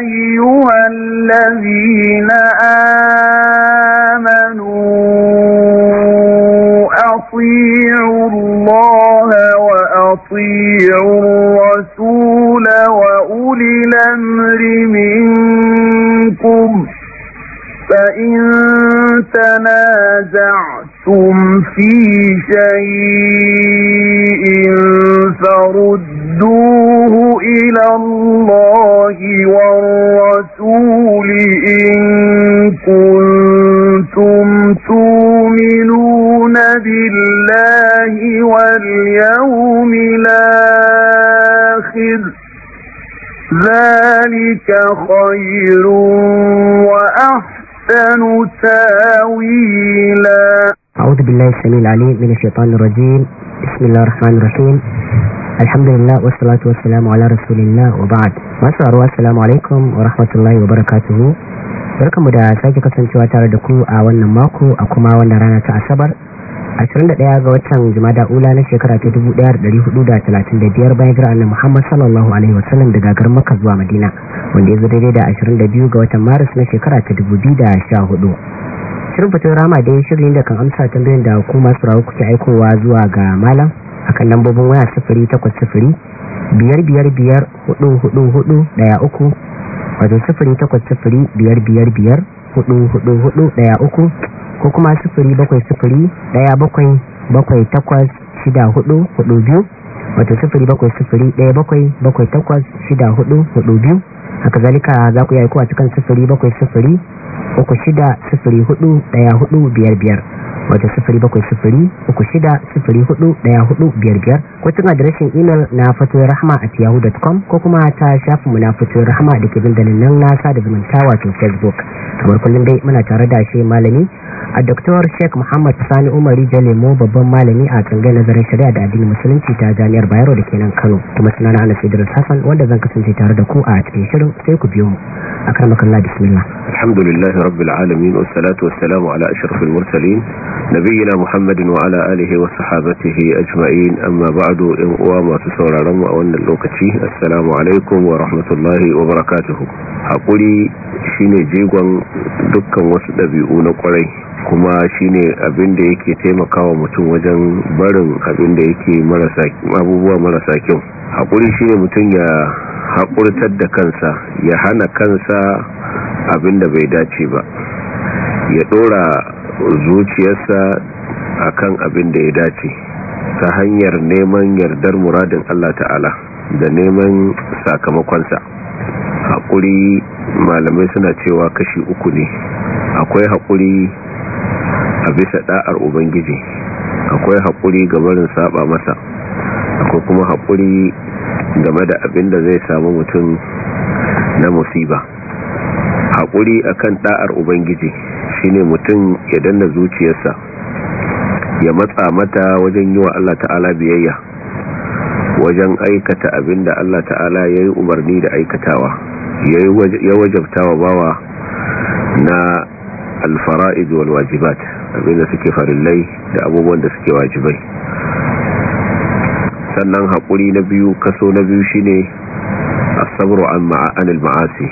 أيها الذين آمنوا الشيطان الرجيم بسم الله الرحمن الرحيم الحمد لله والصلاة والسلام على رسول الله وبعد ما سأروا السلام عليكم ورحمة الله وبركاته barkanmu da sake kasancewa tare da ku a wannan mako a kuma wannan rana ta asabar 21 ga watan jumada ula na shekara ta 1435 bayan jira annan Muhammad sallallahu alaihi wasallam daga garin Makka zuwa Madina wanda ya zo daidai da 22 ga watan Maris na shekara ta 2014 shirin fitin rama da ya shirin da kan amsa tambayin da hukumar tsirawo kuke aikowa zuwa ga malam a kan lambobin waya sifiri takwas sifiri biyar biyar biyar hudu hudu hudu daya uku wato sifiri takwas sifiri biyar biyar biyar hudu hudu hudu daya uku ko kuma sifiri bakwai sifiri daya bakwai bakwai takwas shida hudu hudu biyu wato sifiri bakwai sifiri daya bakwai bakwai takwas shida hudu hudu biyu haka zalika za ku yi aikowa cikin sifiri bakwai sifiri wato 0706041455 ko tun adireshin imel na fatoyin rahama a tiyahu.com ko kuma ta shafinmu na fatoyin rahama da ke dandalin nan na da zumunta wato facebook kamar kullum dai muna tare da shi malami a Dr. Sheikh Muhammad Sani Umar Jalemo babban malami a tsangayar nazarin shari'a da addinin musulunci ta Jami'ar Bayero da kenan Kano kuma sunana ana Idris Hassan wanda zan kasance tare da ku a cikin shirin sai ku biyo mu akramakallah bismillah alhamdulillah rabbil alamin wassalatu wassalamu ala ashrafil mursalin nabiyina muhammadin wa ala alihi wa sahbatihi ajma'in amma ba'du in uwa masu sauraron mu a wannan lokaci assalamu alaikum wa rahmatullahi wa barakatuh hakuri shine jigon dukkan wasu ɗabi'u na kwarai kuma shine abin da yake taimakawa mutum wajen barin abin da yake marasa abubuwa marasa kyau shi shine mutum ya haƙurtar da kansa ya hana kansa abin da bai dace ba ya ɗora zuciyarsa akan abin da ya dace ta hanyar neman yardar muradin Allah ta'ala da neman sakamakonsa haƙuri malamai suna cewa kashi uku ne akwai haƙuri a bisa da'ar ubangiji akwai haƙuri ga barin saba masa akwai kuma haƙuri game da abin da zai samu mutum na musiba haƙuri akan da'ar ubangiji shine mutum ya danna zuciyarsa ya matsa mata wajen yi wa Allah ta'ala biyayya wajen aikata abin da Allah ta'ala ya yi umarni da aikatawa ya wajabta wa bawa na alfara'id wal wajibat abinda suke farillai da abubuwan da suke wajibai sannan haƙuri na biyu kaso na biyu shine asabru an ma'anil ma'asi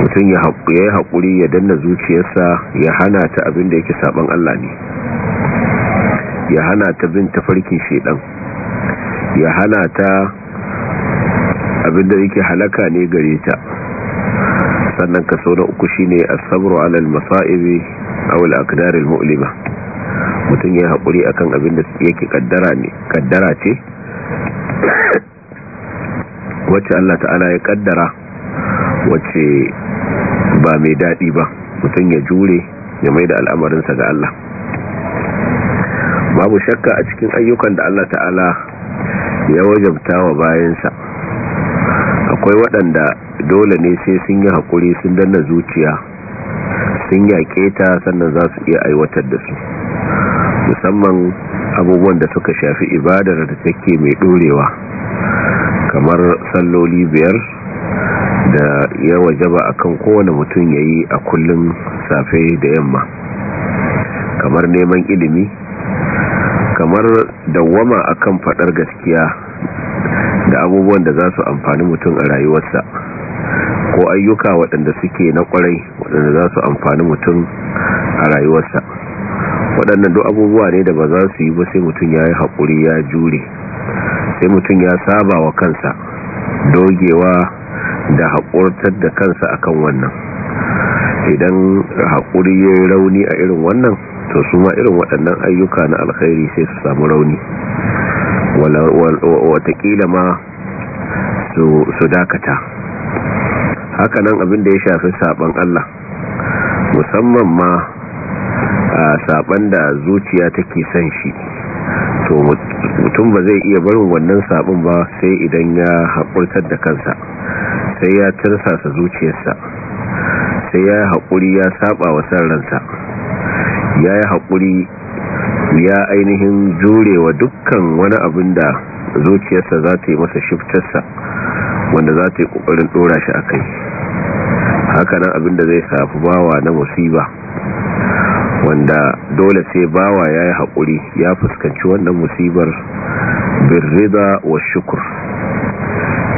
mutum ya yi haƙuri ya danna zuciyarsa ya hana ta abin da yake saban Allah ne ya hana ta bin tafarkin shedan ya hana ta abin da yake halaka ne gare ta sannan kaso na uku shine asabru alal masa'ibi aw al-aqdar al-mu'lima mutum ya hakuri akan abin da yake kaddara ne kaddara ce wacce Allah ta'ala ya kaddara wacce ba mai dadi ba mutum ya jure ya mai da sa ga Allah babu shakka a cikin ayyukan da Allah ta'ala ya wajabta wa bayansa akwai waɗanda dole ne sai sun yi haƙuri sun danna zuciya sun yaƙe ta sannan za su iya aiwatar da su musamman abubuwan da suka shafi ibadar da take mai ɗorewa kamar salloli biyar da ya wajaba akan kowane mutum ya yi a kullum safe da yamma kamar neman ilimi kamar dawwama akan faɗar gaskiya da abubuwan da za su amfani mutum a rayuwarsa ko ayyuka waɗanda suke na ƙwarai waɗanda za su amfani mutum a rayuwarsa waɗannan duk abubuwa ne da ba za su yi ba sai mutum ya yi haƙuri ya jure sai mutum ya saba wa kansa dogewa da haƙurtar da kansa a kan wannan idan haƙuri ya yi rauni a irin wannan to su ma irin waɗannan ayyuka na alkhairi sai su samu rauni watakila ma su dakata hakanan abin da ya shafi saban Allah musamman ma a saban da zuciya take son shi to mutum ba zai iya barin wannan sabon ba sai idan ya haƙurtar da kansa sai ya sa zuciyarsa sai ya haƙuri ya saba wa san ya yi haƙuri ya ainihin jurewa dukkan wani abin da zuciyarsa za ta yi masa shiftarsa wanda za ta yi ƙoƙarin ɗora shi a kai haka hakanan da zai safi bawa na musiba wanda dole sai bawa ya yi haƙuri ya fuskanci wannan musibar birrida wa shukur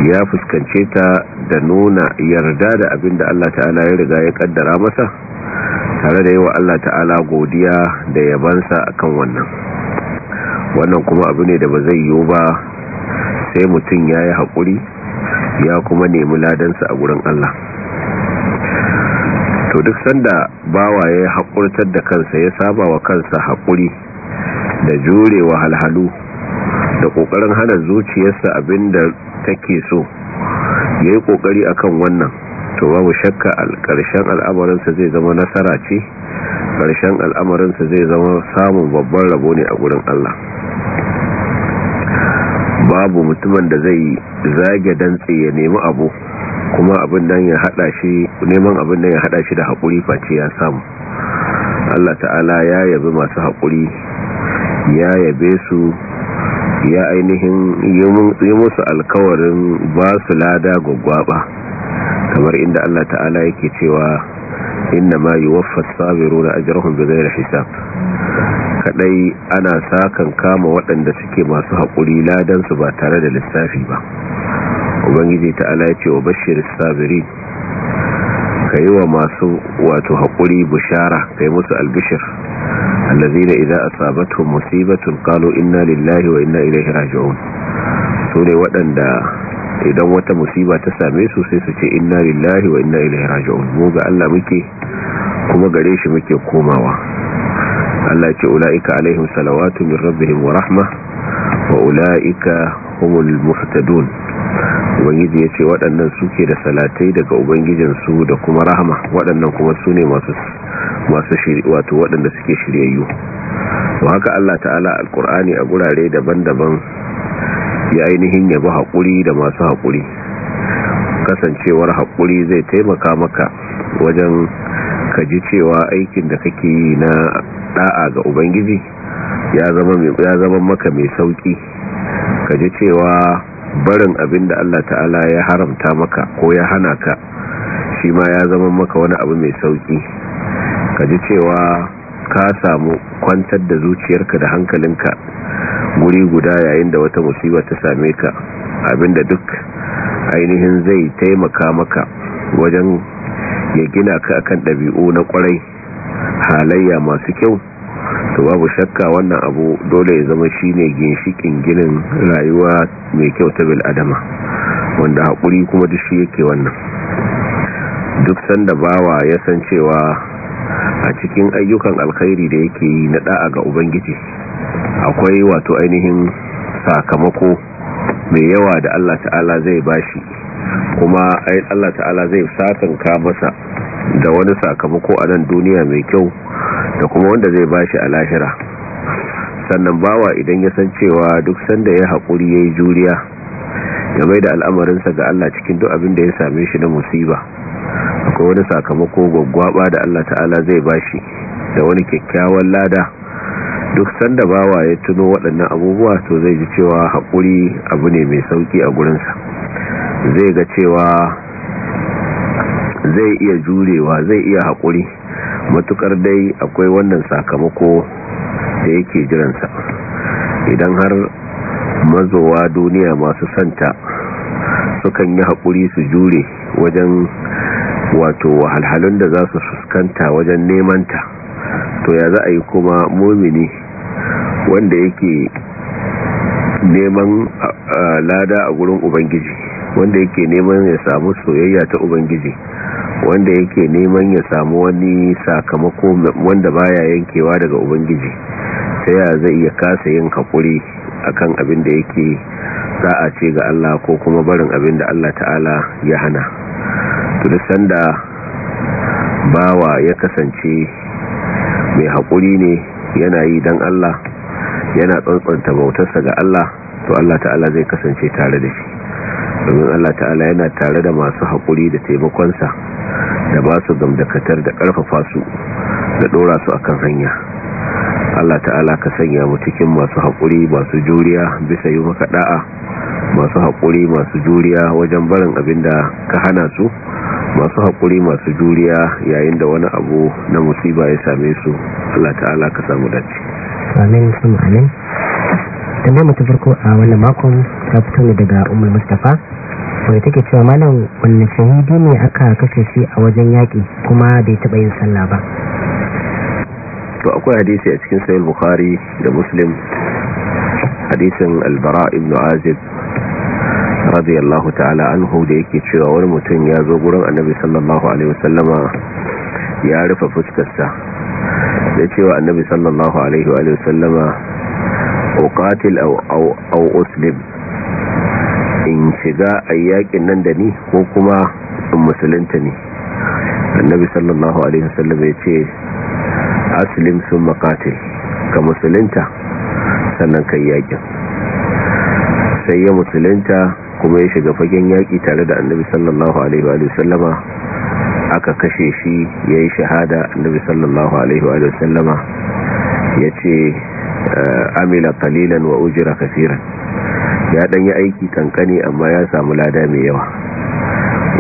ya fuskance ta da nuna yarda da abinda Allah ta'ala ya riga ya kaddara masa tare da yi wa Allah ta'ala godiya da yabansa kan wannan wannan kuma abu ne da ba zai yiwu ba sai mutum ya yi haƙuri ya kuma nemi ladansa a gurin Allah to duk sanda bawa ya haƙurtar da kansa ya saba wa kansa haƙuri da jure wa halhalu da ƙoƙarin hana zuciyarsa abin da take so ya yi ƙoƙari a kan wannan to babu shakka ƙarshen al'amarinsa zai zama nasara ce ƙarshen al'amarinsa zai zama samun babban rabo ne a gurin Allah babu mutumin da zai zage dantse ya nemi abu kuma abin da ya hada shi neman abin nan ya hada shi da hakuri face ya samu Allah ta'ala ya yabi masu hakuri ya yabe su ya ainihin yi musu alkawarin ba su lada gwaggwaba kamar inda Allah ta'ala yake cewa inna ma yuwaffas sabiruna ajrahum bighayri hisab kadai ana sakan kama waɗanda suke masu haƙuri su ba tare da lissafi ba ubangiji ta ya ce wa bashir sabiri ka yi wa masu wato haƙuri bushara ka yi musu albishir allazina a asabatuhum musibatun kalo ina lillahi wa ina ilaihi raji'un su ne waɗanda idan wata musiba ta same su sai su ce inna lillahi wa inna ilaihi raji'un mu ga Allah muke kuma gare shi muke komawa Allah ce ulaika alaihim salawatu min rabbihim wa rahma wa ulaika humul muhtadun ubangiji ya ce waɗannan suke da salatai daga ubangijinsu da kuma rahama waɗannan kuma su ne masu wato waɗanda suke shiryayyu ba haka allah ta'ala alkur'ani a gurare daban-daban ya ainihin yabi haƙuri da masu haƙuri kasancewar haƙuri zai taimaka maka wajen ka cewa aikin da kake yi na ɗa'a ga ubangiji ya zama maka mai sauƙi. ka cewa barin abin da Allah ta'ala ya haramta maka ko ya hana ka shi ma ya zama maka wani abu mai sauki ka ji cewa ka samu kwantar da zuciyarka da hankalinka guri guda yayin da wata musiba ta same ka abin da duk ainihin zai taimaka maka wajen ya gina ka akan ɗabi'u na ƙwarai halayya masu kyau to babu shakka wannan abu dole ya zama shi ne ginshikin ginin rayuwa mai kyau ta bil'adama, wanda haƙuri kuma duk shi yake wannan duk sanda bawa ya san cewa a cikin ayyukan alkhairi da yake yi na ɗa'a ga ubangiji akwai wato ainihin sakamako mai yawa da Allah ta'ala zai bashi kuma ai Allah ta'ala zai satanka masa da wani sakamako a nan duniya mai kyau da kuma wanda zai bashi a lahira sannan bawa idan ya san cewa duk sanda ya haƙuri ya yi juriya ya mai da al'amarinsa ga Allah cikin duk abin da ya same shi na musiba akwai wani sakamako gwaggwaba da Allah ta'ala zai bashi da wani kyakkyawan lada duk sanda bawa ya tuno waɗannan abubuwa to zai ji cewa haƙuri abu ne mai sauƙi a gurinsa zai ga cewa zai iya jurewa zai iya haƙuri matuƙar dai akwai wannan sakamako da yake jiransa idan har mazowa duniya masu santa sukan yi haƙuri su jure wajen wato wahalhalun da za su fuskanta wajen nemanta to ya za a yi kuma momini wanda yake neman lada a gurin ubangiji wanda yake neman ya samu soyayya ta ubangiji wanda yake neman ya samu wani sakamako wanda baya yankewa daga ubangiji sai ya zai iya kasa yin hakuri akan abin da yake a ce ga Allah ko kuma barin abin da Allah ta'ala ya hana tulisan da bawa ya kasance mai haƙuri ne yana yi don Allah yana tsantsanta bautarsa ga Allah to Allah ta'ala zai kasance tare da shi domin Allah ta'ala yana tare da masu haƙuri da taimakonsa da ba su gamdakatar da ƙarfafa su da ɗora su kan hanya Allah ta'ala ka sanya mu cikin masu haƙuri masu juriya bisa yi maka ɗa'a, masu haƙuri masu juriya wajen barin abin da ka hana su masu haƙuri masu juriya yayin da wani abu na musiba ya same su Allah ta'ala ka samu dace amin sun amin tambayi mutu farko a wani makon ta fito ne daga umar mustapha wani take cewa malam wani shahidi ne aka kashe shi a wajen yaƙi kuma bai taɓa yin sallah ba to akwai hadisi a cikin sayar bukari da muslim hadisin albara ibn azib radiyallahu ta'ala anhu da yake cewa wani mutum ya zo gurin annabi sallallahu alaihi wasallama ya rufe fuskarsa da cewa annabi sallallahu alaihi wa sallama au aw aw uslim in shiga ayyakin nan da ni ko kuma in musulunta ne annabi sallallahu alaihi wa sallam ya ce aslim sun qatil ka musulunta sannan kai yakin sai ya musulunta kuma ya shiga fagen yaki tare da annabi sallallahu alaihi wa sallama aka kashe shi ya yi shahada annabi sallallahu alaihi wa sallama ya ce eh, amila kalilan wa ujira kasiran ya dan yi aiki kankani amma ya samu lada mai yawa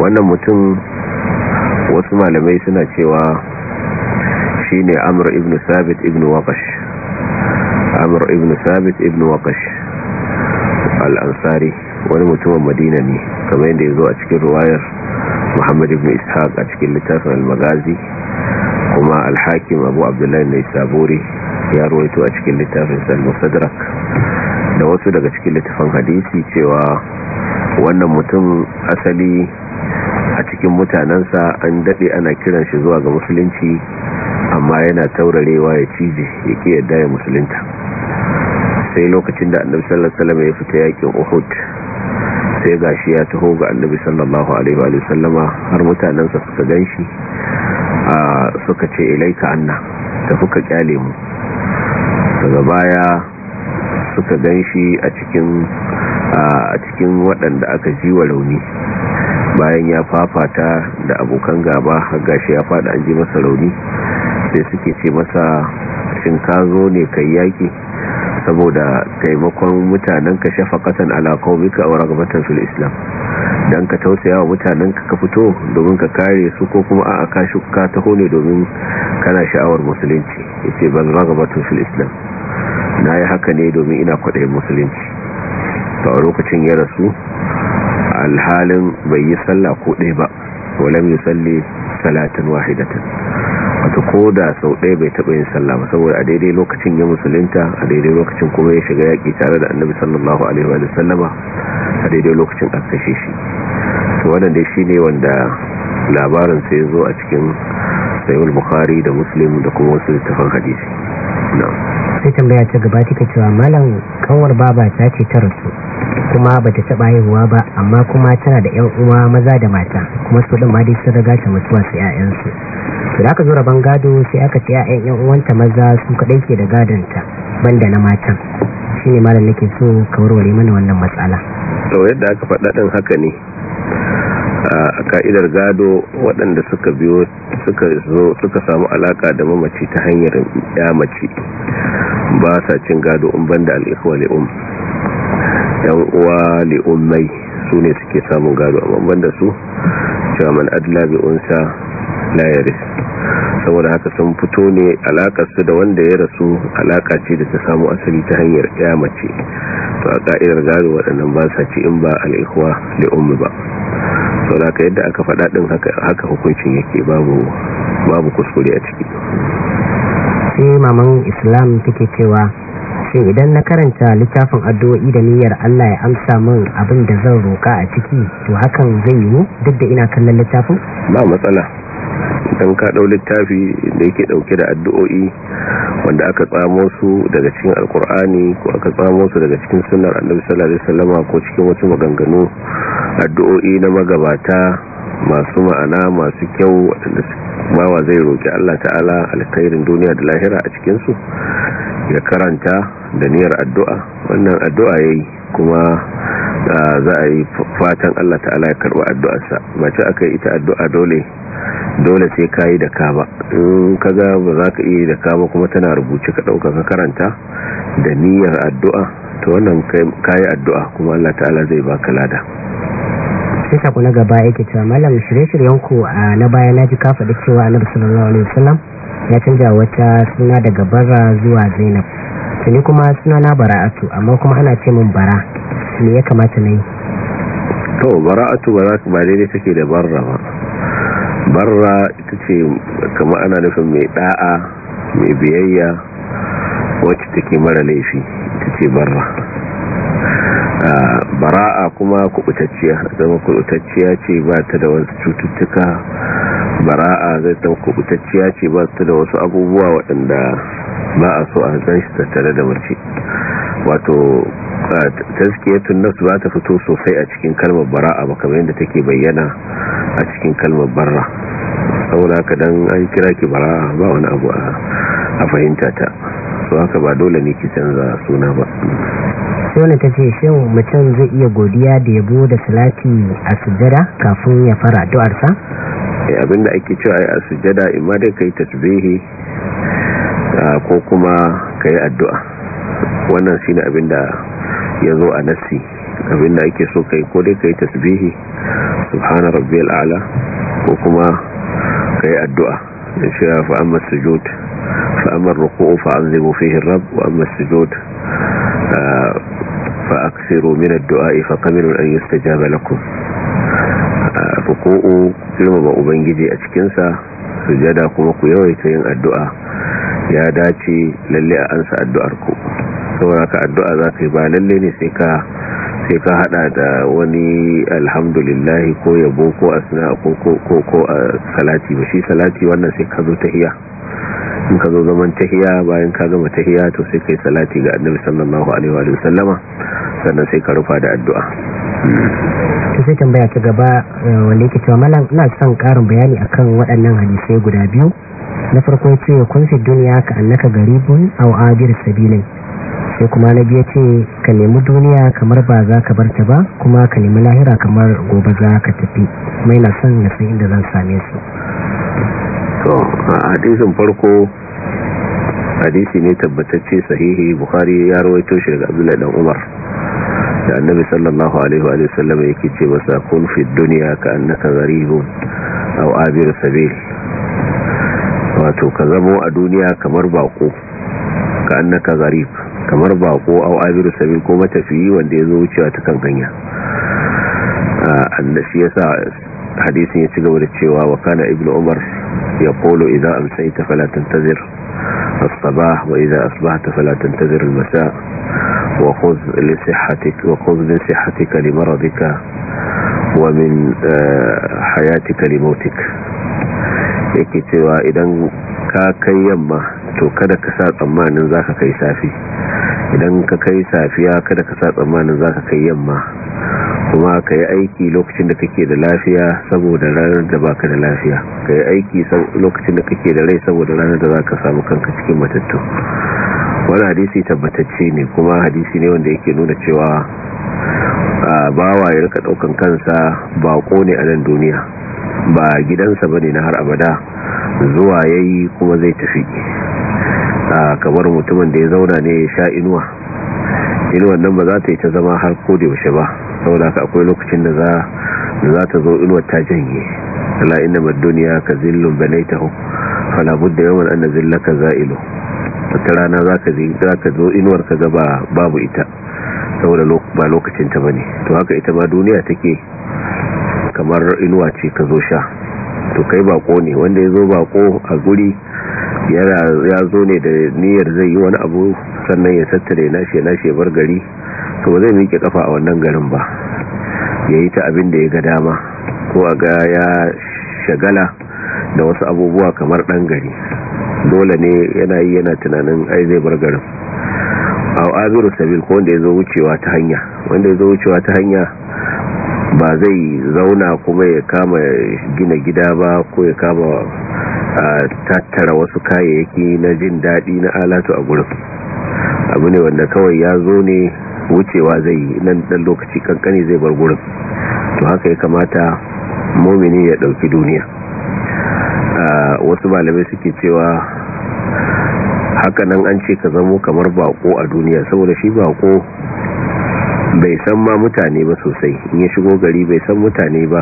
wannan mutum wasu malamai suna cewa shine amr ibn sabit ibn waqash amur ibn sabit ibn waqash al-ansari wani mutumin madina ne kamar yadda ya zo a cikin ruwayar muhammad ibn ishaq a cikin littafin al-magazi kuma al-hakim abu abdullahi ne saburi ya ruwaito a cikin littafin al da wasu daga cikin littafin hadisi cewa wannan mutum asali a cikin mutanensa an daɗe ana kiran shi zuwa ga musulunci amma yana taurarewa ya cije ya ke yadda ya musulunta sai lokacin da annabi sallallahu ya fita yakin Uhud sai gashi ya taho ga annabi sallallahu alaihi wa sallama har mutanensa suka ganshi a suka ce ilaika anna tafi ka kyale mu daga baya suka ganshi a cikin a cikin waɗanda aka jiwa wa rauni bayan ya fafata da abokan gaba har gashi ya fada an ji masa rauni sai suke ce masa shin ka zo ne kai yaki saboda taimakon mutanen shafaqatan ala qaumika a raghbatan fil islam don ka tausaya wa mutanen ka fito domin ka kare su ko kuma a ka shuka taho ne domin kana sha'awar musulunci yace ban raghbatan fil islam yi haka ne domin ina kwaɗayin musulunci ta a lokacin ya rasu alhalin bai yi sallah ko ɗaya ba walam salli salatan wahidatan wato ko da sau ɗaya bai taɓa yin sallah ba saboda a daidai lokacin ya musulunta a daidai lokacin kuma ya shiga yaƙi tare da annabi sallallahu alaihi wa sallama a daidai lokacin a kashe shi to wannan dai shine wanda labarin sai zo a cikin sayul bukhari da muslim da kuma wasu littafan hadisi na. sai tambaya ta gaba take cewa malam kanwar baba ta ce ta rasu kuma bata taba haihuwa ba amma kuma tana da yan uwa maza da mata kuma su din ma dai sun riga ta mutuwa su 'ya'yansu da aka zo rabon gado sai aka ce ƴaƴan yan uwanta maza su kaɗai ke da gadonta da na matan shi ne malam nake so ka warware mana wannan matsala to yadda aka faɗa haka ne a ka'idar gado waɗanda suka biyo suka samu alaka da mamaci ta hanyar ya mace ba sa cin gado in da alikawa le'um yan uwa le'um mai su ne suke samun gado amma da su cewa man adla bi unsa la rasu saboda haka sun fito ne alakar su da wanda ya rasu alaka ce da ta samu asali ta hanyar ya mace to a ka'idar gari waɗannan ba sa ce in ba al'ikuwa da umu ba sau da yadda aka faɗa ɗin haka hukuncin yake babu kuskure a ciki sai maman islam take cewa shin idan na karanta littafin addu'o'i da niyyar Allah ya amsa min abin da zan roka a ciki to hakan zai yi yiwu duk da ina kallon littafin ba matsala dan ka ɗau littafi da yake ɗauke da addu'o'i wanda aka tsamo su daga cikin alkur'ani ko aka tsamo su daga cikin sunar annabi sallallahu alaihi wasallam ko cikin wasu maganganu addu'o'i na magabata masu ma'ana masu kyau wadanda bawa zai roki Allah ta'ala alkhairin duniya da lahira a cikin su ya karanta da niyyar addu'a wannan addu'a yayi kuma ah, za a yi fatan Allah ta'ala ya karɓa addu'arsa ba ta akai ita addu'a dole dole sai kayi yi da ka ba in ka ga ba za ka iya da ka ba kuma tana rubuce ka ɗauka ka karanta da niyyar addu'a ta wannan ka addu'a kuma allah ta'ala zai baka lada sai na gaba yake cewa malam shirye-shiryen ku na baya na ji ka faɗi cewa annabi sallallahu alaihi wasallam ya canja wata suna daga bara zuwa zainab tuni kuma suna na bara'atu amma kuma ana ce min bara me ya kamata na yi to bara'atu ba za ka ba daidai take da barra ba barra ita ce kama ana nufin mai da'a mai biyayya wacce take mara laifi ita ce barra bara'a kuma kubutacciya zama kubutacciya ce ba ta da wasu cututtuka bara'a zai ta kubutacciya ce ba ta da wasu abubuwa waɗanda ba a so a zan shi tattare da mace wato tazkiyatun nafs ba ta fito sosai a cikin kalmar bara'a ba kamar yadda take bayyana a cikin kalmar barra saboda haka dan an kira ki bara'a ba wani abu a fahimta ta so haka ba dole ne ki canza suna ba sai ta ce shin mutum zai iya godiya da yabo da salati a sujjada kafin ya fara eh, abin abinda ake cewa a sujjada imma dai kai tasbihi ah, ko kuma kai addu'a wannan shine da. ya zo a nassi abinda ake so kai ko dai kai tasbihi subhana rabbiyal a'la ko kuma kai addu'a in cewa fa amma sujud fa amma ruku'u fa anzibu fihi rabb wa amma sujud fa aksiru min addu'a fa qabilu an yustajaba lakum ruku'u girmama ubangiji a cikin sa sujada kuma ku yawaita yin addu'a ya dace lalle a ansa addu'ar ku saboda ka addu'a za ka yi ba lalle ne sai ka sai ka hada da wani alhamdulillah ko yabo ko asna ko ko salati ba shi salati wannan sai ka zo tahiya in ka zo zaman tahiya bayan ka gama tahiya to sai ka yi salati ga annabi sallallahu alaihi wa sallama sannan sai ka rufa da addu'a ki sai tambaya ta gaba eh, wanda yake cewa malam ina son karin bayani akan waɗannan hadisai guda biyu na farko ya ce kun fi duniya ka annaka garibun aw sabilin sai kuma na biya ce ka nemi duniya kamar ba za ka barta ba kuma ka nemi lahira kamar gobe za ka tafi kuma yana son na san inda zan same su to a hadisin farko hadisi ne tabbatacce sahihi bukhari ya rawaito shi daga abu dan umar da annabi sallallahu alaihi wa sallam yake ce masa kun fi duniya ka annaka gharibun aw abir sabil wato ka zamo a duniya kamar bako ka annaka gharib kamar bako au abiru sabil ko matafiyi wanda ya zo wucewa ta kan hanya annashi yasa hadisin ya ci gaba da cewa wa kana ibnu umar ya kolo idan amsayta fala tantazir as-sabah wa idan asbahta ta falatan tazir masa wa khudh li sihhatika wa khudh maradika wa min hayatika li mautik yake cewa idan ka kai yamma to kada ka sa tsammanin za ka kai safi idan ka kai safiya kada ka sa tsammanin za ka kai yamma kuma ka yi aiki lokacin da kake da lafiya saboda ranar da baka da lafiya ka yi aiki lokacin da kake da rai saboda ranar da za ka samu kanka cikin matattu wani hadisi tabbatacce ne kuma hadisi ne wanda yake nuna cewa bawa ya rika daukan kansa bako ne a nan duniya ba gidansa ba ne na har abada zuwa ya yi kuma zai tafi a kamar mutumin da ya zauna ne ya sha inuwa inuwan nan ba za ta yi ta zama har ko da yaushe ba saboda haka akwai lokacin da za ta zo inuwar ta janye ala inna mad ka zillun banaitahu fala budda yawman an zillaka za'ilu wata rana za ka zo inuwar ka ga babu ita saboda ba lokacin ta bane to haka ita ma duniya take kamar inuwa ce ka zo sha to kai bako ne wanda ya zo bako a guri ya zo ne da niyyar zai yi wani abu sannan ya tattare nashe nashe bar gari to ba zai miƙe kafa a wannan garin ba ya yi ta abin da ya ga dama ko a ga ya shagala da wasu abubuwa kamar ɗan gari dole ne yana yi yana tunanin ai zai bar garin a abiru sabil ko wanda ya zo wucewa ta hanya wanda ya zo wucewa ta hanya ba zai zauna kuma ya kama gina gida ba ko ya kama a tattara wasu kayayyaki na jin daɗi na alatu a gurin abu ne wanda kawai ya zo ne wucewa zai nan ɗan lokaci kankani zai bar gurin to haka ya kamata momini ya ɗauki duniya wasu malamai suke cewa haka nan an ce ka zamo kamar bako a duniya saboda shi bako bai san ma mutane ba sosai in ya shigo gari bai san mutane ba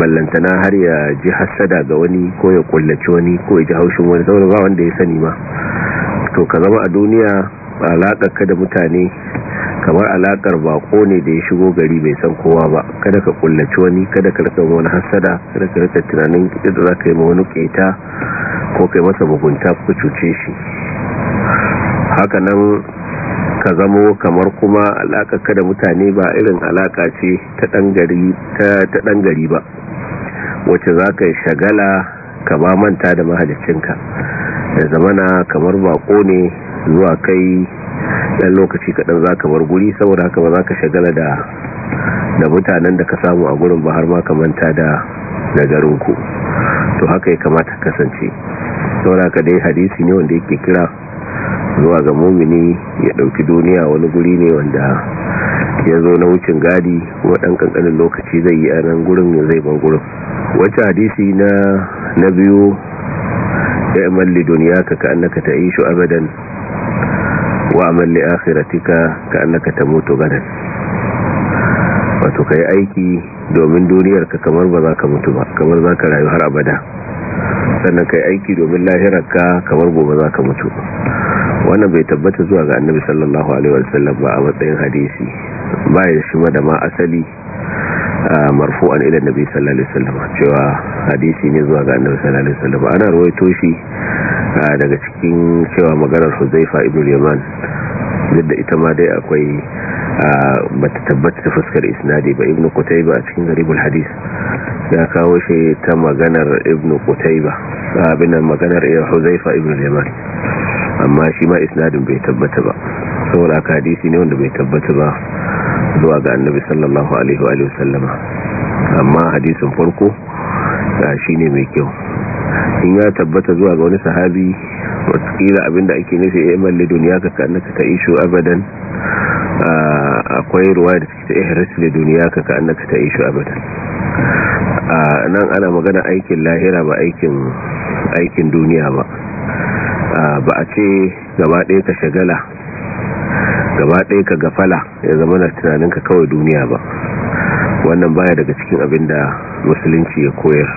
ballantana har ya ji hasada ga wani ko ya kullace wani ko ya ji haushin wani saboda ba wanda ya sani ba to ka zama a duniya alaƙar ka da mutane kamar alaƙar bako ne da ya shigo gari bai san kowa ba kada ka kullace wani kada ka rika wani hasada kada ka rika tunanin yadda za ka yi ma wani keta ko kai masa mugunta ko cuce shi hakanan ka zamo kamar kuma ka da mutane ba irin alaka ce ta ɗan gari ba wacce za ka shagala ka ba manta da mahalicinka da zamana kamar bako ne zuwa kai ɗan lokaci kaɗan za ka bar guri saboda haka ba za ka shagala da mutanen da ka samu a gurin ba har ma ka manta da nagarinku ku to haka ya kamata kasance saboda haka dai hadisi ne wanda yake kira zuwa ga mumini ya dauki duniya wani guri ne wanda ya zo na wucin gadi kuma dan kankanin lokaci zai yi a nan gurin ya zai ban gurin wacce hadisi na na biyu ya malli duniya ka ka annaka ishu abadan wa amalli akhiratika ka annaka mutu gadan wato kai aiki domin duniyar ka kamar ba za ka mutu ba kamar za ka rayu har abada sannan kai aiki domin lahirar ka kamar gobe za ka mutu wannan bai tabbata zuwa ga annabi sallallahu alaihi wasallam ba a matsayin hadisi ba ya shi da ma asali marfu'an ila annabi sallallahu alaihi wasallam cewa hadisi ne zuwa ga annabi sallallahu alaihi wasallam ana ruwaito shi daga cikin cewa maganar Huzaifa ibn Yaman yadda ita ma dai akwai bata tabbata ta fuskar isnadi ba ibn kutaiba a cikin garibul hadis ya kawo shi ta maganar ibn kutaiba abin maganar Huzaifa ibn Yaman amma shi ma isnadin bai tabbata ba saboda aka hadisi ne wanda bai tabbata ba zuwa ga annabi sallallahu alaihi wa sallama amma hadisin farko ga shi ne mai kyau in ya tabbata zuwa ga wani sahabi watakila abinda ake nufi ya eh, iman lidon ya kaka annaka ta isho abadan akwai ruwa da suke ta ihris eh, lidon ya kaka annaka ta isho abadan nan ana magana aikin lahira ba aikin duniya ba ba a ce gaba ɗaya ka shagala gaba ɗaya ka gafala ya zama na tunaninka kawai duniya ba wannan baya daga cikin abin da musulunci ya koyar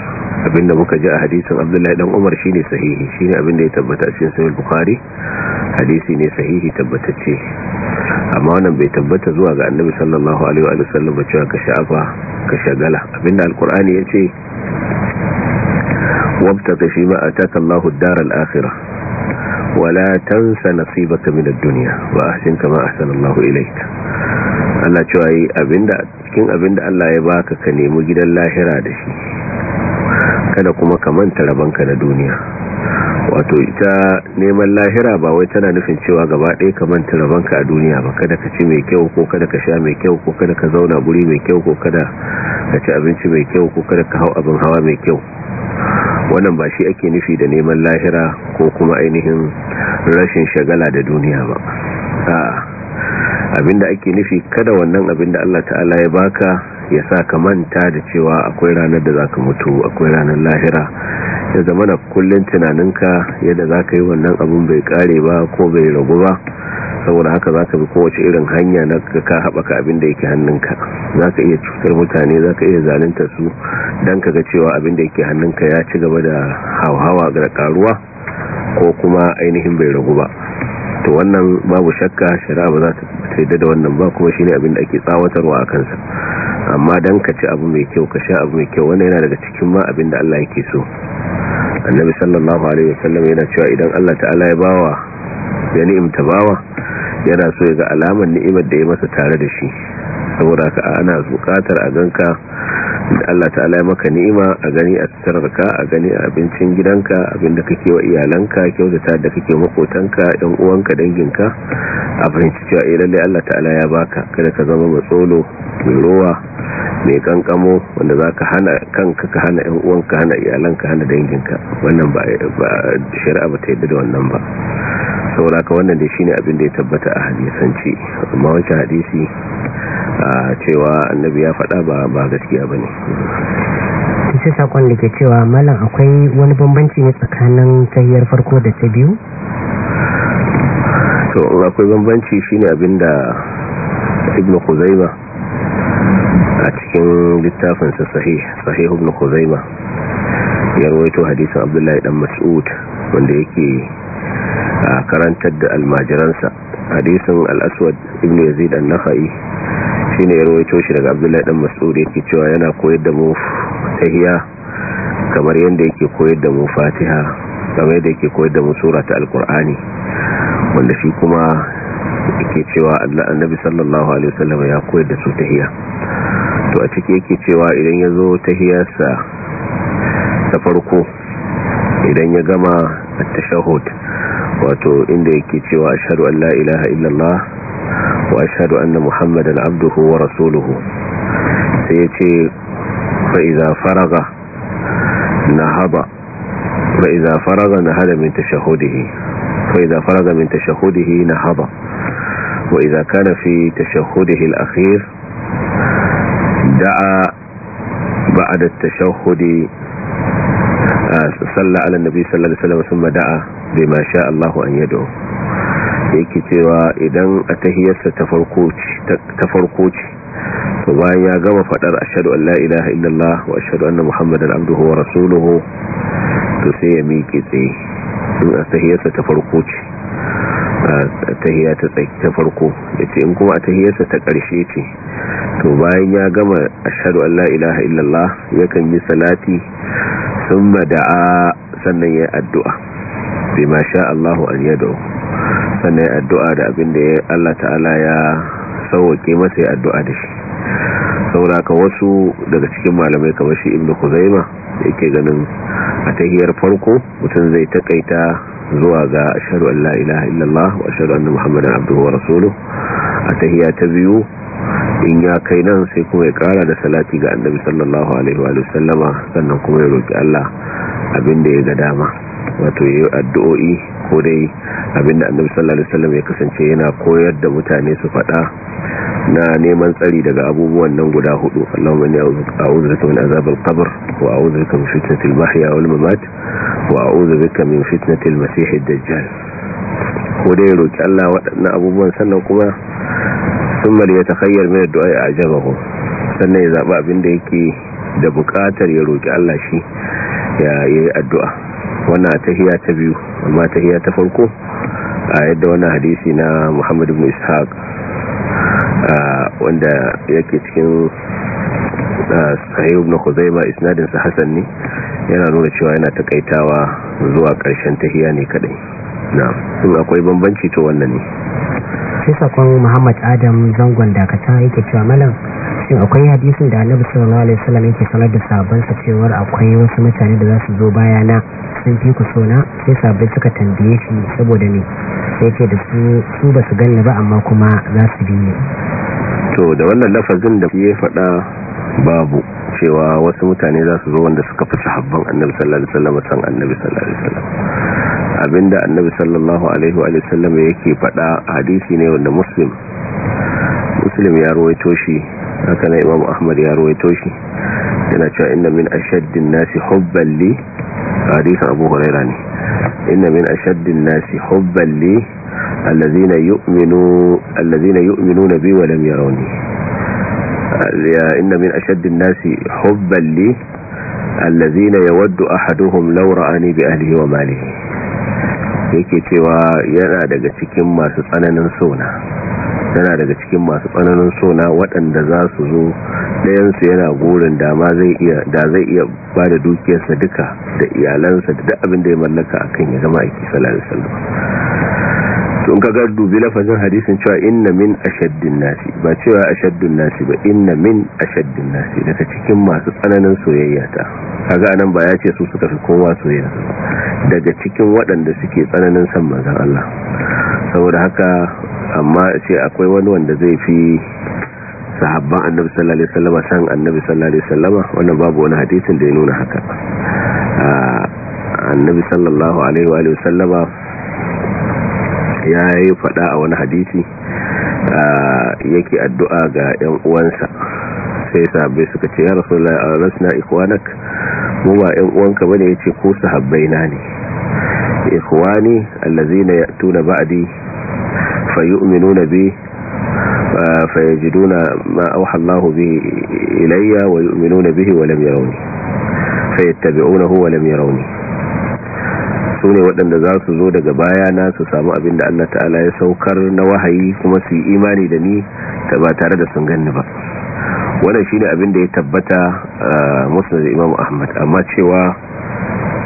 abin da muka ji a hadisin abdullahi dan umar shi ne sahihi Shi ne abin da ya tabbata cikin sahih bukhari hadisi ne sahihi tabbatacce amma wannan bai tabbata zuwa ga annabi sallallahu alaihi wa sallam ba cewa ka sha'afa ka shagala abin da alqur'ani yace wabtaka shi ma ataka Allahu ad-dar wala tansa nasibaka min ad-dunya wa ahsin kama ahsana Allahu ilayka Allah cewa yi abinda cikin abinda Allah ya baka ka nemi gidan lahira da shi kada kuma ka manta rabanka na duniya wato ita neman lahira ba wai tana nufin cewa gaba ɗaya ka manta rabanka a duniya ba kada ka ci mai kyau ko kada ka sha mai kyau ko kada ka zauna guri mai kyau ko kada ka ci abinci mai kyau ko kada ka hau abin hawa mai kyau wannan ba shi ake nufi da neman lahira ko kuma ainihin rashin shagala da duniya ba abin abinda ake nufi kada wannan abin da Allah ta'ala ya baka ya sa ka manta da cewa akwai ranar da zaka mutu akwai ranar lahira ya zama na kullun tunaninka yadda zaka yi wannan abun bai kare ba ko bai ragu ba saboda haka zaka bi kowace irin hanya na ka haɓaka abin da yake hannunka zaka iya cutar mutane zaka iya zalunta su dan ga cewa abin da yake hannunka ya ci gaba da hauhawa ga karuwa ko kuma ainihin bai ragu ba to wannan babu shakka shari'a ba za ta yadda da wannan ba kuma shine abin da ake tsawatarwa a kansa amma dan ka ci abu mai kyau ka sha abu mai kyau wannan yana daga cikin ma abin da Allah yake so annabi sallallahu alaihi wasallam yana cewa idan Allah ta'ala ya bawa ya ni'imta bawa yana so ya ga alamar ni'imar da ya masa tare da shi saboda ka ana bukatar a ganka da Allah ta'ala ya maka ni'ima a gani a tsarka a gani a abincin gidanka abinda kake wa iyalanka kyautata da kake makotanka yan uwanka danginka a fahimci cewa eh lalle Allah ta'ala ya baka kada ka zama matsolo mai rowa mai kankamo wanda zaka hana kanka ka hana ɗan uwanka hana iyalanka hana danginka wannan ba shari'a ba ta yadda da wannan ba ka wannan da shine abin da ya tabbata a hadisanci amma wancan hadisi a cewa annabi ya faɗa ba ba gaskiya bane sai sakon da ke cewa malam akwai wani bambanci ne tsakanin tahiyar farko da ta biyu to akwai bambanci shine abin da ibnu kuzaima a cikin littafinsa sahih sahih ibnu kuzaima ya rawaito hadisin abdullahi dan mas'ud wanda yake a karantar da almajiransa hadisin al-aswad ibn yazid an-nakhai shine ya rawaito shi daga abdullahi dan mas'ud yake cewa yana koyar da mu tahiya kamar yadda yake koyar da mu fatiha kamar yadda yake koyar da mu surata alkur'ani wanda shi kuma yake cewa annabi sallallahu alaihi wasallam ya koyar da su tahiya to a ciki yake cewa idan ya zo tahiyarsa ta farko idan ya gama at-tashahhud wato inda yake cewa ashhadu an la ilaha illallah wa ashhadu anna muhammadan abduhu wa rasuluhu sai ya ce fa idza faraga nahaba fa idza faraga nahada min tashahudihi fa idza faraga min tashahudihi nahaba wa idza kana fi tashahudihi al-akhir da'a ba'da at-tashahhudi salla ala nabi sallallahu alaihi wasallam summa da'a bai ma sha Allahu an yad'u yake cewa idan atahiyarsa ta farko ce ta farko ce to bayan ya gama fadar ashhadu an la ilaha illallah wa ashhadu anna muhammadan abduhu wa rasuluhu to sai ya miƙe tsaye in tahiyarsa ta farko ce tahiya ta ta farko yace in kuma a tahiyarsa ta ƙarshe ce to bayan ya gama ashhadu an la ilaha illallah yakan yi salati sun mada'a sannan ya addu'a bi ma sha Allahu an yado sannan ya addu'a da da ya Allah ta'ala ya sauwake masa ya addu'a da shi saboda ka wasu daga cikin malamai kamar shi ibnu kuzaima da yake ganin a tahiyar farko mutum zai takaita zuwa ga ashhadu La'ilaha ilaha illallah wa ashhadu anna muhammadan Abdullahi rasuluhu a tahiya ta biyu in ya kai nan sai kuma ya kara da salati ga annabi sallallahu alaihi wa sallama sannan kuma ya roki Allah abinda ya ga dama wato yayi addu'o'i ko dai abinda annabi sallallahu alaihi wasallam ya kasance yana koyar da mutane su fada na neman tsari daga abubuwan nan guda hudu Allahumma inni a'udhu bika min azabil qabr wa a'udhu bika min fitnatil mahya wal mamat wa a'udhu bika min fitnatil masiihid dajjal ko dai roki Allah waɗannan abubuwan sannan kuma sun ya ya takayyar mai addu'a ya ku sannan ya zaɓa abinda yake da bukatar ya roƙi Allah shi ya yi addu'a wannan tahiya ta biyu amma tahiya ta farko a yadda wani hadisi na Muhammad ibn Ishaq wanda yake cikin sahih na Khuzaima isnadin sa hassan ne yana nuna cewa yana takaitawa zuwa ƙarshen tahiya ne kadai na akwai bambanci to wannan ne sai sakon muhammad adam zangon dakata yake cewa malam shi akwai hadisin da annabi sallallahu alaihi wasallam yake sanar da sabon sa cewar akwai wasu mutane da za su zo baya na sun fi ku sona sai sabai suka tambaye shi saboda ne sai ke da su su ba su ganni ba amma kuma za su bi to da wannan lafazin da ya faɗa babu cewa wasu mutane za su zo wanda suka fi sahabban annabi sallallahu alaihi wasallam san annabi sallallahu alaihi wasallam abinda annabi sallallahu alaihi wa sallam yake faɗa hadisi ne wanda muslim muslim ya ruwaito shi haka na imam ahmad ya ruwaito shi yana cewa inna min ashaddin nasi hubban li hadisin abu huraira ne inna min ashaddin nasi hubban li allazina yu'minu allazina yu'minuna bi wa lam yarawni inna min ashaddin nasi hubban li allazina yawaddu ahaduhum law ra'ani bi ahlihi wa malihi yake cewa yana daga cikin masu tsananin sona yana daga cikin masu tsananin sona waɗanda za su zo ɗayansu yana gorin dama zai da zai iya ba da dukiyarsa duka da iyalansa da abin da ya mallaka akan ya zama aiki salari alaihi ka ga dubi lafazin hadisin cewa inna min ashaddin nasi ba cewa ashaddin nasi ba inna min ashaddin nasi daga cikin masu tsananin soyayya ta kaga anan ba ya ce su suka fi kowa soyayya daga cikin waɗanda suke tsananin san manzon Allah saboda haka amma ce akwai wani wanda zai fi sahabban annabi sallallahu alaihi wasallam san annabi sallallahu alaihi wasallam wannan babu wani hadisin da ya nuna haka ah, annabi sallallahu alaihi wa sallama ya yi fada a wani hadisi yake addu'a ga 'yan uwansa sai sahabbai suka ce ya rasulullah alasna ikwanak mu ba 'yan uwanka bane yace ko sahabbai na ne ikwani allazina yatuna ba'di fayu'minuna bi fayajiduna ma auha Allahu bi ilayya wa yu'minuna bihi wa lam yarawni fayattabi'unahu wa lam yarawni su ne waɗanda za su zo daga baya na su samu abin da Allah ta'ala ya saukar na wahayi kuma su yi imani da ni ta ba tare da sun ganni ba wannan shine abin da ya tabbata musnad Imam Ahmad amma cewa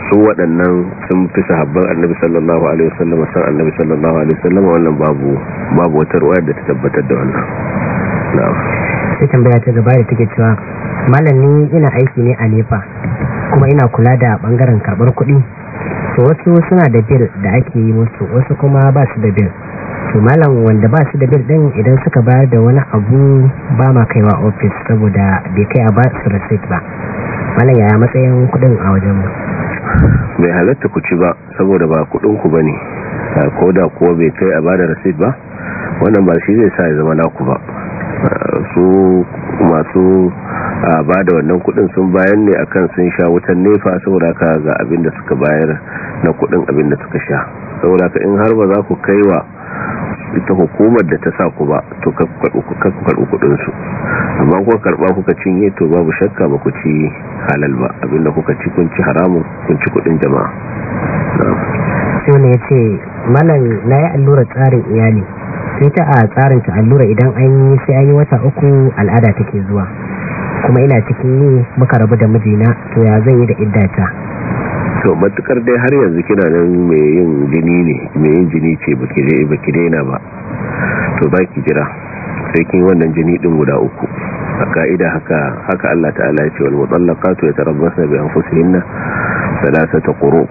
su waɗannan sun fi sahabban Annabi sallallahu alaihi wasallam san Annabi sallallahu alaihi wasallam wannan babu babu wata ruwaya da ta tabbatar da wannan na'am sai tambaya ta gaba da take cewa malami ina aiki ne a nefa kuma ina kula da bangaren karbar kuɗi to wasu suna da bil da ake yi musu wasu kuma ba su da bil to malam wanda ba su da bil din idan suka bayar da wani abu ba ma kaiwa ofis saboda bai kai a ba su receipt ba malam yaya matsayin kudin a wajen mu bai halatta ku ci ba saboda ba kudin ku bane ko da kuwa bai kai a ba da receipt ba wannan ba shi zai sa ya zama naku ba su masu ba da wannan kudin sun bayan ne akan sun sha wutan nefa saboda ka ga abin da suka bayar na kudin abin da suka sha saboda ka in har ba za ku kai wa ita hukumar da ta sa ku ba to kakku karɓi kuɗinsu amma kuka karɓa kuka cinye to babu shakka ba ku ci halal ba abinda kuka ci kun ci haramun kun ci kudin jama'a sai ya ce na yi allurar tsarin iyali sai ta a tsarin ta allura idan an yi sai an yi wata uku al'ada take zuwa kuma ina cikin yi muka rabu da mijina to ya zan yi da iddata to matukar dai har yanzu kina nan mai yin jini ne mai yin jini ce baki daina ba to za ki jira sai kin wannan jini din guda uku a ka'ida haka haka Allah ta'ala ya ce wal mutallaqatu yatarabbasna bi anfusihinna thalathata quru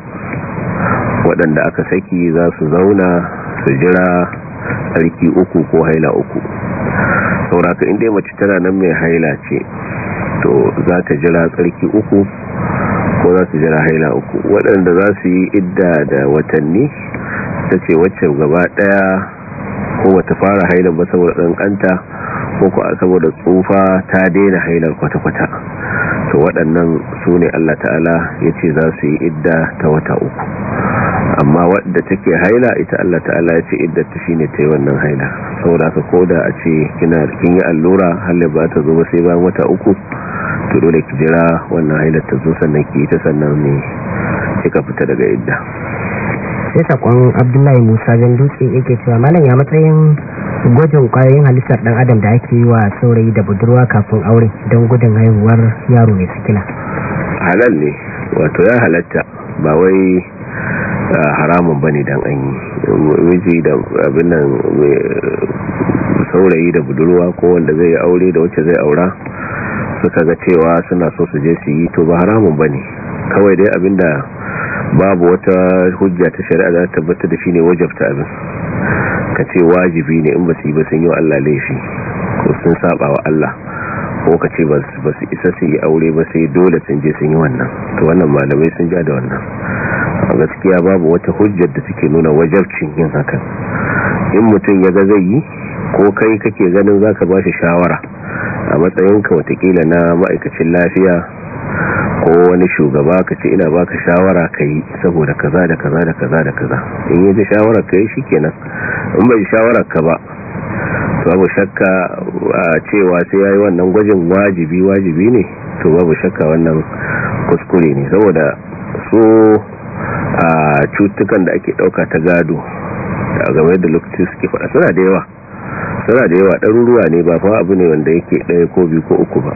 waɗanda aka saki za su zauna su jira tsarki uku ko haila uku sauraka inda mace tana nan mai haila ce to za ta jira tsarki uku ko za ta jira haila uku waɗanda za su yi idda da watanni ta ce wacce gaba ɗaya ko wata fara haila ba saboda ƙanta. ko ku saboda tsufa ta daina hailar kwata-kwata to waɗannan su ne Allah ta'ala ya ce za su yi idda ta wata uku amma wadda take haila ita Allah ta'ala ya ce idda ta shine ta yi wannan haila saboda ka koda a ce kina kin yi allura halle ba ta zo ba sai bayan wata uku to dole ki jira wannan haila ta zo sannan ki ta sannan ne kika fita daga idda sai sakon Abdullahi Musa Jan dutse yake cewa malam ya matsayin gwajin kwayoyin halittar dan adam da ake yi wa saurayi da budurwa kafin aure don gudun haihuwar yaro mai sikila halal ne wato ya halatta ba wai haramun bane dan an yi miji da abin nan saurayi da budurwa ko wanda zai yi aure da wacce zai aura suka ga cewa suna so su je su yi to ba haramun bane kawai dai abinda babu wata hujja ta shari'a za ta tabbatar da ne wajabta abin ka ce wajibi ne in ba su yi ba sun yi wa Allah laifi ko sun saba wa Allah ko ka ce ba su isa su yi aure ba sai dole sun je sun yi wannan to wannan malamai sun ja da wannan a gaskiya babu wata hujjar da suke nuna wajabcin yin hakan in mutum ya ga zai yi ko kai kake ganin zaka ba shi shawara a matsayinka watakila na ma'aikacin lafiya ko wani shugaba ka ce ina baka shawara ka yi saboda kaza da kaza da kaza da kaza in yi ta shawara ka yi shikenan in bai shawara ka ba babu shakka a cewa sai yayi wannan gwajin wajibi wajibi ne to babu shakka wannan kuskure ne saboda so a cutukan da ake dauka ta gado a game da lokaci suke faɗa suna da yawa suna da yawa ɗaruruwa ne ba fa abu ne wanda yake ɗaya ko biyu ko uku ba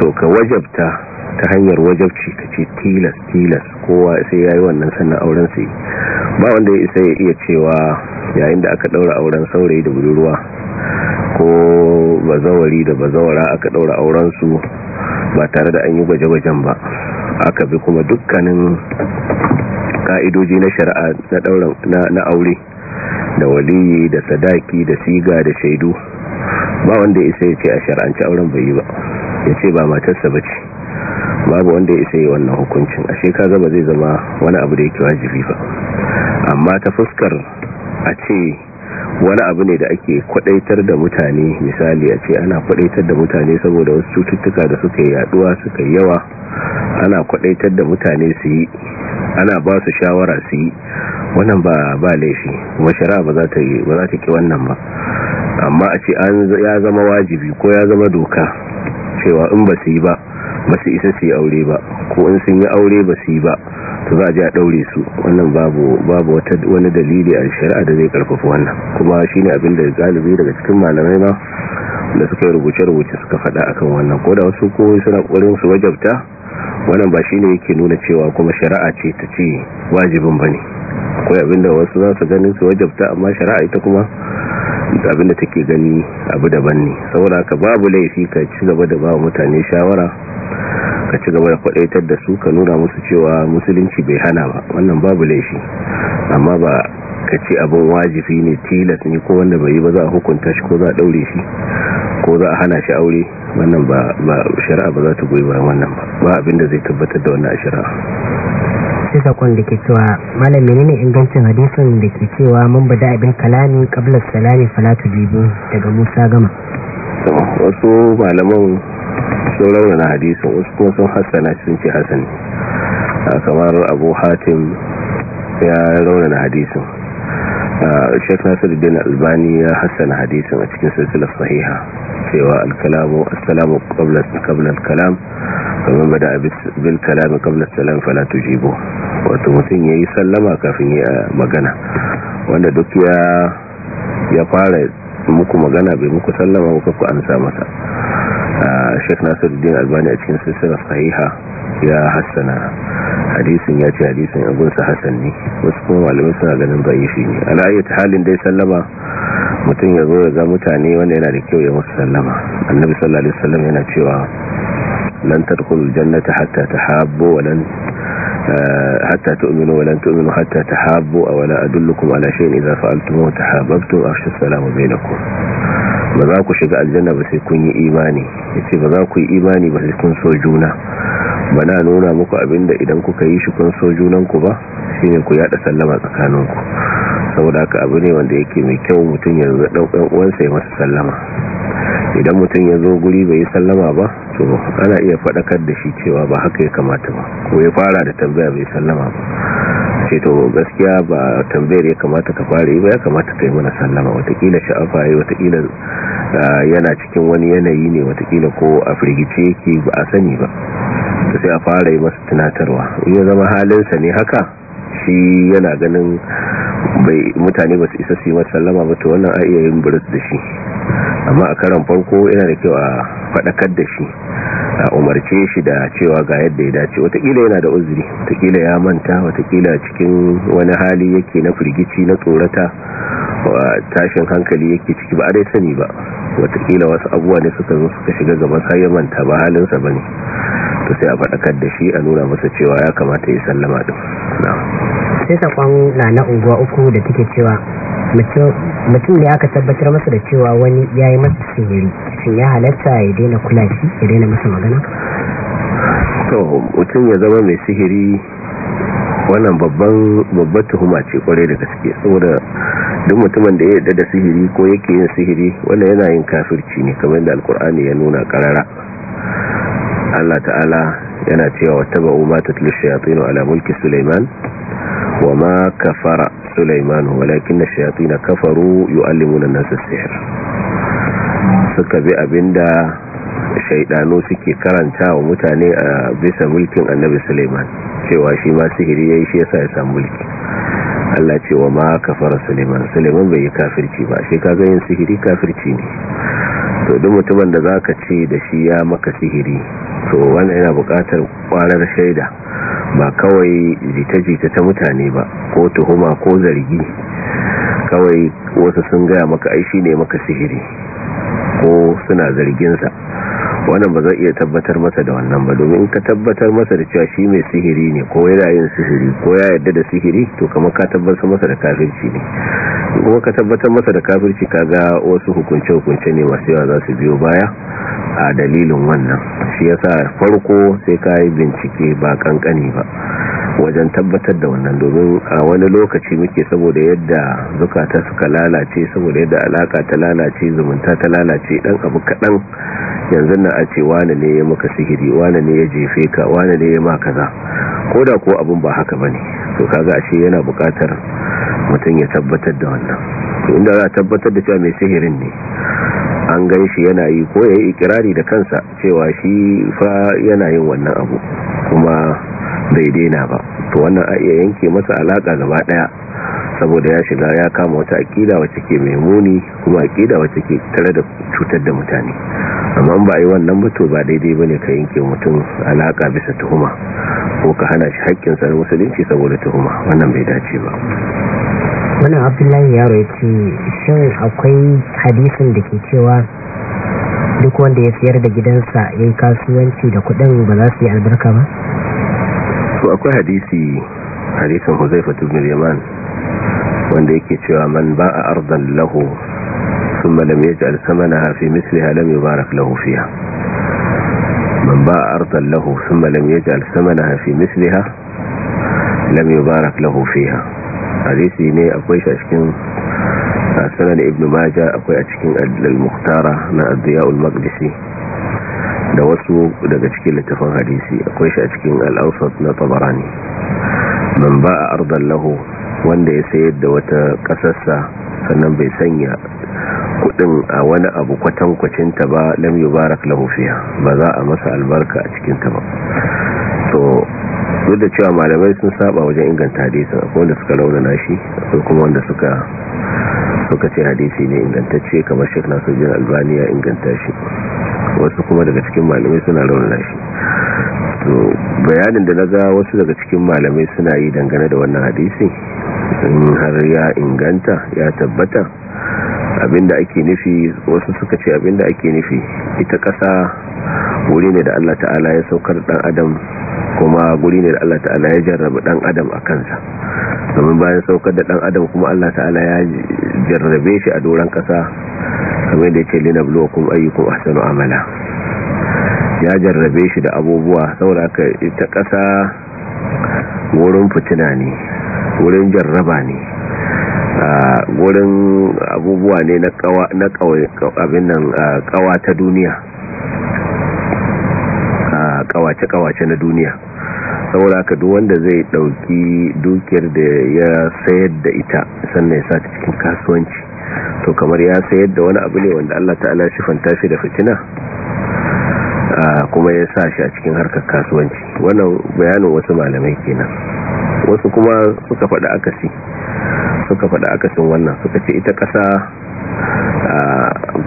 to ka wajabta ta hanyar wajabci ka ce tilas tilas kowa sai ya yi wannan sannan auren sai ba wanda ya isa ya iya cewa yayin da aka daura auren saurayi da budurwa ko bazawari da bazawara aka daura auren su ba tare da an yi gwaje-gwajen ba aka bi kuma dukkanin ka'idoji na shari'a na aure da waliyi da sadaki da siga da shaidu ba wanda ya isa ya ce a shari'anci auren bai yi ba ya ce ba matarsa ba ce babu wanda ya isa yi wannan hukuncin ashe ka zama zai zama wani abu da yake wajibi ba amma ta fuskar a ce wani abu ne da ake kwadaitar da mutane misali a ce ana kwadaitar da mutane saboda wasu cututtuka da suka yaduwa suka yawa ana kwadaitar da mutane su yi ana ba su shawara su yi wannan ba ba laifi kuma shari'a ba za ta yi ba za ta ki wannan ba amma a ce ya zama wajibi ko ya zama doka cewa in ba su yi ba ba su isa su yi aure ba ko in sun yi aure ba su yi ba to za a je a ɗaure su wannan babu wata wani dalili a shari'a da zai karfafa wannan kuma shine abin da galibi daga cikin malamai ma da suka yi rubuce-rubuce suka faɗa akan wannan ko da wasu ko suna ƙoƙarin su wajabta wannan ba shine yake nuna cewa kuma shari'a ce ta ce wajibin ba ne akwai abinda wasu za su ganin su wajabta amma shari'a ita kuma abinda take gani abu daban ne saboda ka babu laifi ka ci gaba da ba mutane shawara ka ci gaba da kwadaitar da su ka nuna musu cewa musulunci bai hana ba wannan babu laifi amma ba ka ci abin wajifi ne tilas ne ko wanda bai yi ba za a hukunta shi ko za a daure shi ko za a hana shi aure wannan ba shari'a ba za ta goyi bayan wannan ba ba abin da zai tabbatar da wannan a shari'a sai sakon da ke cewa malam menene ingancin hadisin da ke cewa mun bada abin kalami qabla salami falatu jibu daga Musa gama wasu malaman sun raunana hadisin usko sun hassana sun ce hasani ah, kamar abu hatim ya raunin hadisin ah, sheikh nasir bin albani ya hassana hadisin a cikin silsilar sahiha cewa alkalamu assalamu qabla Kalam kamar bada bil kalami qabla salam Falatu Jibo wato mutum yayi sallama kafin ya magana wanda duk ya fara muku magana bai muku sallama ko ku amsa masa الشيخ آه، ناصر الدين الباني اتكن سلسلة صحيحة يا حسنا حديث يا تي حديث اقول سحسني واسكم معلومي سنة لن نضعي فيني على اي تحال دي سلمة متن يقول اذا متعني وان انا لكي ويموت سلمة النبي صلى الله عليه وسلم هنا تشوى لن تدخل الجنة حتى تحابوا ولن آه، حتى تؤمنوا ولن تؤمنوا حتى تحابوا أولا أدلكم على شيء إذا فعلتموه تحاببتم أخشى السلام بينكم ba za ku shiga aljanna ba sai kun yi imani yace ba za ku yi imani ba sai kun so juna bana nuna muku abinda idan kuka yi shi kun so junan ku ba shine ku yada sallama tsakanin ku saboda haka abu ne wanda yake mai kyau mutum ya zo daukan uwansa ya masa sallama idan mutum ya zo guri bai yi sallama ba to ana iya fadakar da shi cewa ba haka ya kamata ba ko ya fara da tambaya bai sallama ba ce to gaskiya ba tambayar ya kamata ka fara yi ba ya kamata ka yi mana sallama watakila sha'afa ya watakila ah, yana cikin wani yanayi ne watakila ko a firgice yake ba a sani ba ta sai a fara yi masa tunatarwa in ya zama halinsa ne haka shi yana ganin mutane ba su isa su yi sallama ba to wannan a iya yin da shi amma a karan farko yana da kyau a faɗakar da shi a umarce shi da cewa ga yadda ya dace watakila yana da uzuri watakila ya manta watakila cikin wani hali yake na firgici na tsorata tashin hankali yake ciki ba a dai sani ba watakila wasu abuwa ne suka zo suka shiga gaba sai ya manta ba halinsa ba ne to sai a faɗakar da shi a nuna masa cewa ya kamata ya sallama na'am sai sakon na na unguwa uku da take cewa mutum ne aka tabbatar masa da cewa wani ya yi masa sinyari shin ya halatta ya daina kula shi ya daina masa magana to mutum ya zama mai sihiri wannan babban babbar tuhuma ce kwarai da gaske saboda duk mutumin da ya yarda da sihiri ko yake yin sihiri wannan yana yin kafirci ne kamar da alkur'ani ya nuna karara Allah ta'ala yana cewa wata ba'u ma tatlu shayatin ala mulki suleiman. wa ma kafara Sulaiman walakin ash na kafaru yu'allimuna an-nasa as suka bi abinda shaiɗanu suke karanta wa mutane a bisa mulkin annabi Suleiman cewa shi ma sihiri yi shi yasa ya samu mulki Allah ce wa ma kafara Suleiman Suleiman bai yi kafirci ba shi kaga yin sihiri kafirci ne so duk mutumin da zaka ce da shi ya maka sihiri to wannan yana buƙatar ƙwarar shaida ba kawai jita-jita ta mutane ba ko tuhuma ko zargi kawai wasu sun gaya maka aishi ne maka sihiri ko suna zarginsa wannan ba zai iya tabbatar masa da wannan ba domin ka tabbatar masa da cewa shi mai sihiri ne ko yana yin sihiri ko ya yarda da sihiri to kamar ka tabbatar masa da kafirci ne kuma ka tabbatar masa da kafirci kaga wasu hukunce hukunce ne masu yawa za su biyo baya a dalilin wannan shi yasa farko sai ka yi bincike ba kankani ba wajen tabbatar da wannan domin a wani lokaci muke saboda yadda zukata suka lalace saboda yadda alaka ta lalace zumunta ta lalace dan abu kadan yanzu nan a ce wani ne ya maka sihiri wani ne ya jefe ka wani ne ya ma kaza ko da ko abun ba haka bane to kaga ashe yana bukatar mutum ya tabbatar da wannan to inda za a tabbatar da cewa mai sihirin ne an gan shi yana yi ko ya yi ikirari da kansa cewa shi fa yana yin wannan abu kuma bai daina ba to wannan a iya yanke masa alaka gaba daya saboda ya shiga ya kama wata akida wacce ke mai muni kuma akida wacce ke tare da cutar da mutane amma ba yi wannan ba to ba daidai bane ka yanke mutum alaka bisa tuhuma ko ka hana shi haƙƙin sa musulunci saboda tuhuma wannan bai dace ba wannan abdullahi yaro ya ce shin akwai hadisin da ke cewa duk wanda ya siyar da gidansa ya yi kasuwanci da kudin ba za su yi albarka ba to akwai hadisi hadisin huzaifa ibn yaman wanda yake cewa man ba'a ardan lahu thumma lam yaj'al samanaha fi mithliha lam yubarak lahu fiha man ba'a ardan lahu thumma lam yaj'al samanaha fi mithliha lam yubarak lahu fiha hadisi ne akwai shi a cikin sanad ibn majah akwai a cikin al-muqtara na ad al maqdisi da wasu daga cikin littafin hadisi akwai shi a cikin al'ausat na tabarani ban ba a ardar lahu wanda ya sayar da wata ƙasarsa sannan bai sanya kudin a wani abu kwatankwacinta ba lam barak lahu fiha ba za a masa albarka a cikinta ba so duk da cewa malamai sun saba wajen inganta hadisi akwai wanda suka launana shi akwai kuma wanda suka suka ce hadisi ne ingantacce kamar shek nasirin albani ya inganta shi wasu kuma daga cikin malamai suna raunana shi to bayanin da na ga wasu daga cikin malamai suna yi dangane da wannan hadisi in har ya inganta ya tabbata abinda ake nufi wasu suka ce abinda ake nufi ita kasa wuri ne da Allah ta'ala ya saukar dan adam kuma guri ne da Allah ta'ala ya jarrabi dan adam a kansa domin bayan saukar da dan adam kuma Allah ta'ala ya jarrabe shi a doron ƙasa kamar da bulo linabluwakum ayyukun ahsanu amala ya jarrabe shi da abubuwa saboda ka ita ƙasa wurin fitina ne wurin jarraba ne a wurin abubuwa ne na abin nan kawa ta duniya kawace-kawace na duniya sauraka ka duk wanda zai dauki dukiyar da ya sayar da ita sannan ya sata cikin kasuwanci to kamar ya sayar da wani abu ne wanda Allah ta'ala shi fanta shi da fitina kuma ya sa shi a cikin harkar kasuwanci wannan bayanin wasu malamai kenan wasu kuma suka faɗi akasi suka faɗi akasin wannan suka ce ita ƙasa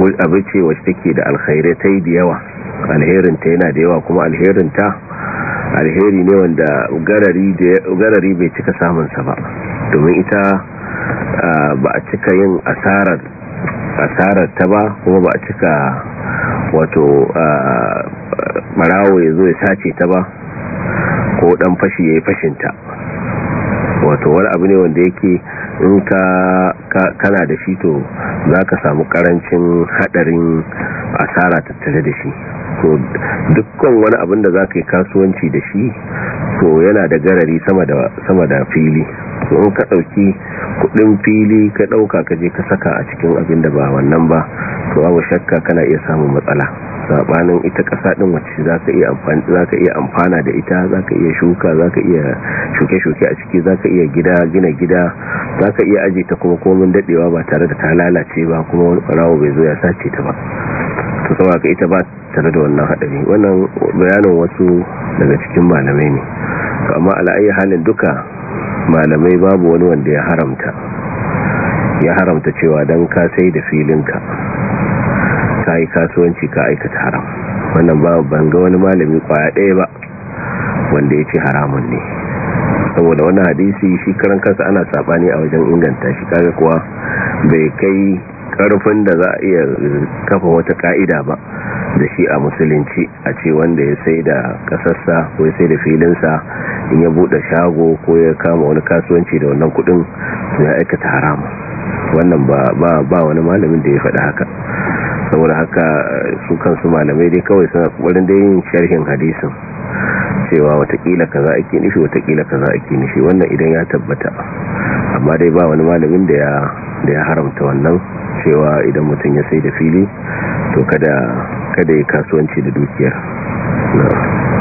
abu ce wacce take da alkhairai ta yi da yawa alherinta yana da yawa kuma alherinta alheri ne wanda ugarari bai cika samun sa ba domin ita ba a cika yin asarar ta ba kuma ba a cika wato barawo ya zo ya sace ta ba ko dan fashi ya yi fashinta wato wani abu ne wanda yake in ka kana da shi to za ka samu karancin hadarin asara tattare da shi to dukkan wani abin da za ka yi kasuwanci da shi to yana da garari sama da fili ko in ka ɗauki kudin fili ka ɗauka ka je ka saka a cikin abin da ba wannan ba to abu shakka kana iya samun matsala sabanin ita kasa din wacce zaka iya amfani zaka iya amfana da ita zaka iya shuka zaka iya shuke-shuke a ciki zaka iya gida gina gida zaka iya aje ta kuma komai dadewa ba tare da ta lalace ba kuma wani bai zo ya sace ta ba to saboda ka ita ba tare da wannan hadari wannan bayanin wasu daga cikin malamai ne amma ala'ayi halin duka malamai babu wani wanda ya haramta ya haramta cewa don ka sai da filinka ka yi kasuwanci ka aikata haram wannan ba ga wani malami kwaya ɗaya ba wanda ya ce haramun ne saboda wani hadisi shi karan kasa ana sabani a wajen inganta shi kaga kuwa bai kai karfin da za a iya kafa wata ka'ida ba da shi a musulunci a ce wanda ya sai da kasarsa ko ya sai da filinsa in ya buɗe shago ko ya kama wani kasuwanci da wannan kudin ya aikata haramun wannan ba wani malamin da ya faɗi haka saboda haka eh, su kansu malamai dai kawai suna kokarin da yin sharhin hadisin cewa watakila kaza ake nishi watakila kaza ake nishi wannan idan ya tabbata amma dai ba wani malamin da ya haramta wannan cewa idan mutum ya sai da fili to kada kada ya kasuwanci da dukiyar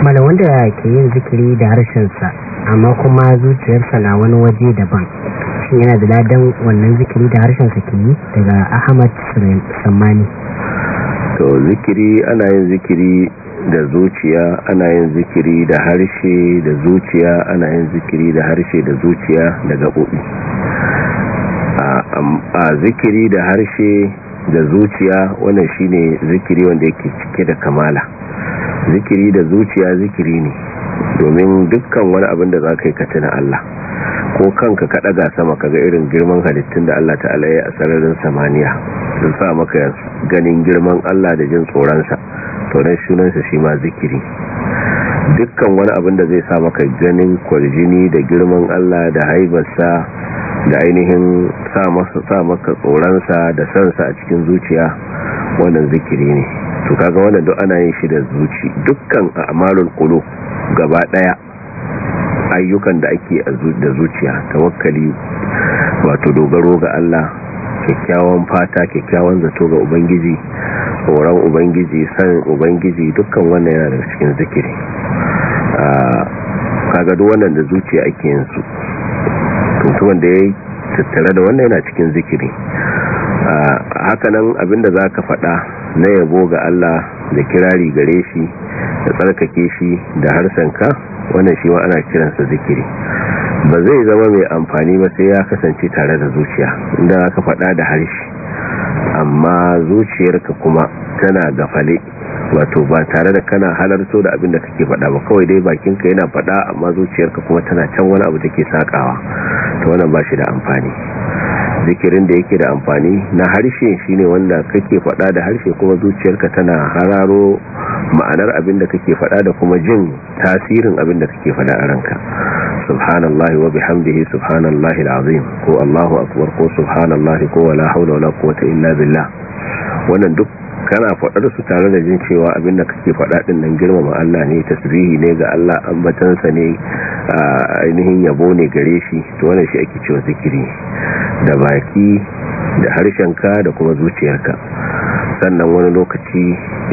malam wanda ke yin zikiri da harshensa amma kuma zuciyarsa na wani waje daban shi yana da ladan wannan zikiri da harshensa ke yi daga ahmad sulaimani to zikiri ana yin zikiri da zuciya ana yin zikiri da harshe da zuciya ana yin zikiri da harshe da zuciya da gaɓoɓi a zikiri da harshe da zuciya wannan shine zikiri wanda yake cike da kamala zikiri da zuciya zikiri ne domin dukkan wani abin da za ka yi ka tuna Allah ko kanka ka daga sama kaga irin girman halittun da Allah ta'ala ya sararin samaniya sun sa maka ganin girman Allah da jin tsoronsa to dan sunansa shi ma zikiri dukkan wani abin da zai sa maka ganin kwarjini da girman Allah da haibarsa da ainihin sa maka tsoronsa da sansa a cikin zuciya wannan zikiri ne to kaga wannan duk ana yin shi da zuci dukkan a'malul qulub gaba daya ayyukan da ake da zuciya tawakkali wato dogaro ga Allah kyakkyawan fata kyakkyawan zato ga ubangiji horon ubangiji san ubangiji dukkan wannan yana daga cikin zikiri kaga duk wannan da zuciya ake yin su tuntuban da ya tattare da wannan yana cikin zikiri a hakanan abinda za ka faɗa na yabo ga Allah da kirari gare shi da tsarkake shi da harsanka wannan shi ma ana kiransa zikiri ba zai zama mai amfani ba sai ya kasance tare da zuciya inda aka faɗa da harshe amma zuciyarka kuma tana gafale wato ba tare da kana halarto da abin da kake faɗa ba kawai dai bakinka yana faɗa amma zuciyarka kuma tana can wani abu take sakawa to wannan ba shi da amfani zikirin da yake da amfani na harshe shine wanda kake faɗa da harshe kuma zuciyarka tana hararo ma'anar abin da kake faɗa da kuma jin tasirin abin da kake faɗa a ranka subhanallahi wa bihamdihi subhanallahi alazim ko Allahu akbar ko subhanallahi ko wala haula wala quwwata illa billah wannan duk kana faɗar su tare da jin cewa abin da kake faɗa ɗin nan girmama Allah ne tasbihi ne ga Allah ambatansa ne a ainihin yabo ne gare shi to wannan shi ake cewa zikiri da baki da harshen ka da kuma zuciyarka sannan wani lokaci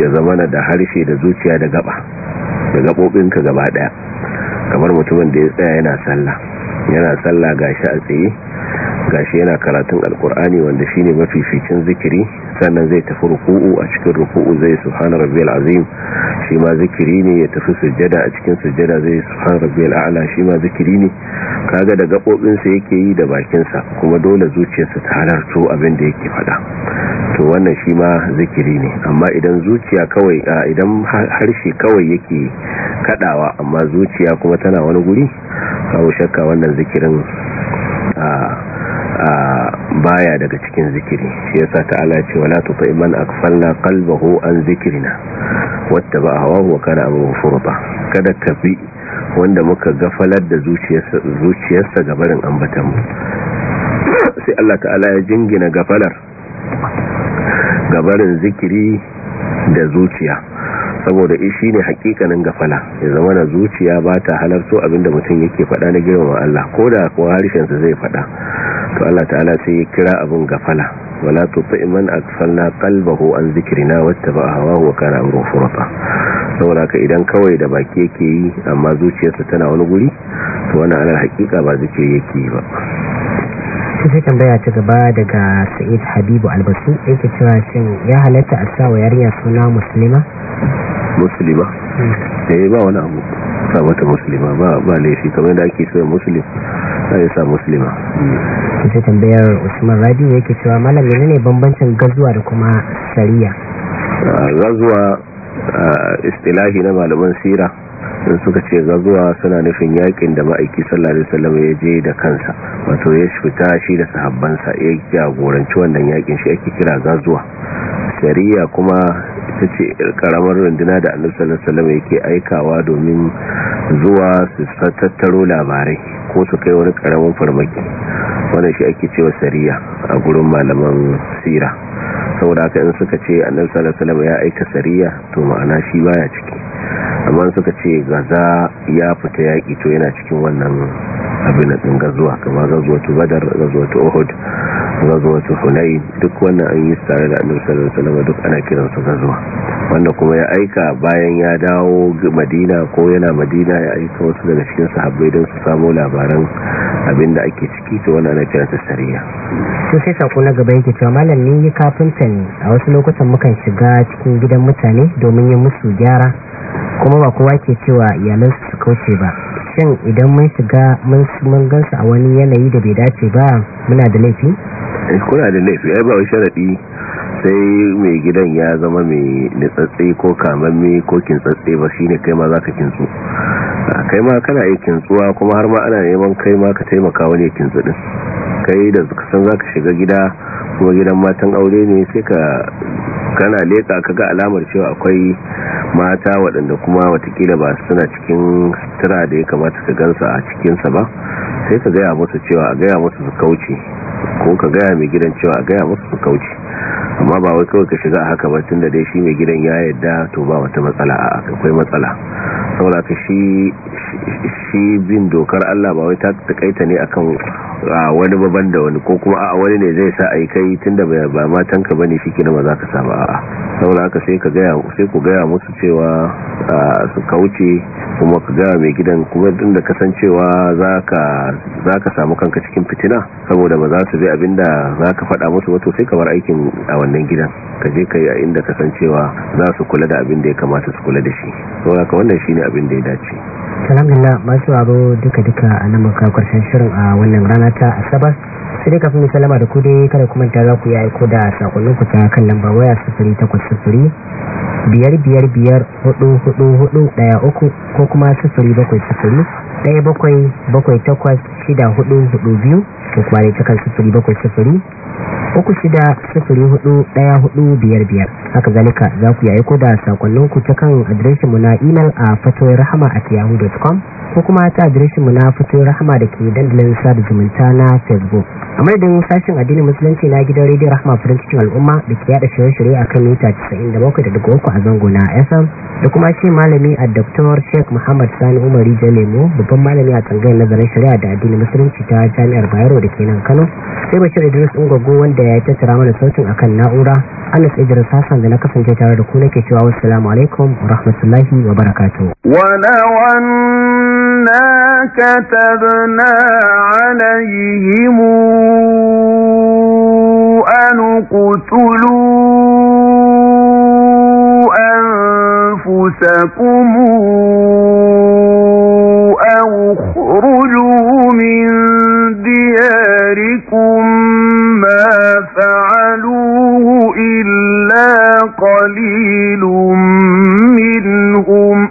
ya zamana da harshe da zuciya da gaba da gaɓoɓinka gaba ɗaya kamar mutumin da ya tsaya yana sallah yana sallah gashi a tsaye gashi yana karatun alkur'ani wanda shine mafi fikin zikiri sannan zai tafi ruku'u a cikin ruku'u zai subhana rabbiyal azim shi ma zikiri ne ya tafi sujjada a cikin sujjada zai subhana rabbiyal a'la shi ma zikiri ne kaga da gabobin yake yi da bakinsa kuma dole zuciyarsa ta halarto abin da yake faɗa to wannan shi ma zikiri ne amma idan zuciya kawai idan harshe kawai yake kadawa amma zuciya kuma tana wani guri kawo shakka wannan zikirin baya daga cikin zikiri shi yasa ta'ala ce wala tuti man aghfalna qalbahu an zikrina wattaba hawahu wa kana amruhu ba. kada ka bi wanda muka gafalar da zuciyarsa zuciyarsa gabarin ambatan mu sai Allah ta'ala ya jingina gafalar gabarin zikiri da zuciya saboda shi ne hakikanin gafala ya zama na zuciya ba ta halarto abinda mutum yake fada na girmama Allah ko da kuwa harshensa zai fada to Allah ta'ala sai ya kira abin gafala wala tuti man aksalna qalbahu an zikrina wattaba hawahu wa kana amru furata saboda ka idan kawai da baki yake yi amma zuciyarsa tana wani guri to wannan alal hakika ba zikiri yake yi ba sai tambaya ta gaba daga sa'id habibu albasu yake cewa shin ya halatta a sa wa yarinya suna muslima musulma da eh, ya ba wani abu sa mata musulma ba laifi kamar da ake so musulim na ya sa musulima hmm. ita tambayar usman radio yake cewa malam yana ne bambancin gazuwa da kuma shari'a ah, gazuwa ah, istilahi na malaman sira suka ce gazuwa suna nufin yakin da ma'aiki sallallahu alaihi ya je da kansa wato ya fita shi da sahabbansa ya jagoranci wannan yakin shi ake kira gazuwa shari'a kuma ita ce karamar rundunar da annabi sallallahu yake aikawa domin zuwa su tattaro labarai ko su kai wani karamin farmaki wannan shi ake cewa shari'a a gurin malaman sira saboda haka in suka ce annal sallallahu ya aika sariya to ma'ana shi baya ciki amma suka ce gaza ya fita yaki to yana cikin wannan abin din gazuwa kamar gazuwatu badar gazuwatu uhud gazuwatu hunay duk wannan an yi tare da annal sallallahu duk ana kiran su gazuwa wanda kuma ya aika bayan ya dawo madina ko yana madina ya aika wasu daga cikin sahabbai don su samu labaran abin da ake ciki to wannan ana kiran sariya to sai sako na gaba yake cewa malam ne kafin wancan a wasu lokutan mukan shiga cikin gidan mutane domin yin musu gyara kuma ba kowa ke cewa iyalansu su kauce ba shin idan mun shiga mun gansu a wani yanayi da bai dace ba muna da laifi? Eh, kuna da laifi ai ba sharaɗi sai mai gidan ya zama mai nitsatsi ko kamamme ko kintsatsi ba shine kai ma za ka kintsu kai ma kana yi kintsuwa kuma har ma ana neman kai ma ka taimaka wani kintsu din kai da san za ka shiga gida kuma gidan matan aure ne sai ka kana leka kaga alamar cewa akwai mata waɗanda kuma watakila ba suna cikin sutura da ya kamata ka gansa a cikinsa ba sai ka gaya musu cewa a gaya musu su kauce ko ka gaya mai gidan cewa a gaya masu su amma ba wai kawai ka shiga a haka ba tun da dai shi mai gidan ya yadda to ba wata matsala a akwai matsala saboda ka shi bin dokar Allah ba wai ta takaita ne akan wani baban da wani ko kuma a wani ne zai sa a yi kai da ba matanka bane shike na maza ka saba a'a saboda haka sai ka sai ku gaya musu cewa su kauce kuma ka gaya mai gidan kuma da kasancewa za ka samu kanka cikin fitina saboda ba za su bi abinda za ka faɗa mutu wato sai kamar aikin a wannan gidan ka je ka yi a inda ka san cewa za su kula da abin da ya kamata su kula da shi saboda ka wannan shine abin da ya dace alhamdulillah masu abu duka-duka a nan muka kwarshen shirin a wannan rana ta asabar su dai kafin misalama da kudi kada kuma ta za ku yi aiko da sakonin ku ta kan lamba waya sufuri takwas sufuri biyar biyar biyar hudu hudu hudu daya uku ko kuma sufuri bakwai sufuri ɗaya bakwai bakwai takwas shida hudu hudu biyu ko kware cikin sufuri bakwai sufuri uku shida sufuri hudu ɗaya hudu biyar biyar haka zalika za ku yayi ko da sakonninku ta kan adireshinmu na imel a fatowar rahama at yahoo.com ko kuma ta adireshin mu na fito rahama da ke dandalin sada zumunta na facebook a madadin sashen addinin musulunci na gidan rediyo rahama farin cikin al'umma da ke yada shirye-shirye a kan mita 97.3 a zango na fm da kuma ce malami a dr sheikh muhammad sani umar jalemo babban malami a tsangayin nazarin shari'a da addinin musulunci ta jami'ar bayero da ke nan kano sai bashir idris ungwaggo wanda ya tattara mana sautin a kan na'ura anas idris sassan da na kasance tare da ku nake cewa salamu alaikum wa rahmatullahi wa wani. كتبنا عليهم أن اقتلوا أنفسكم أو اخرجوا من دياركم ما فعلوه إلا قليل منهم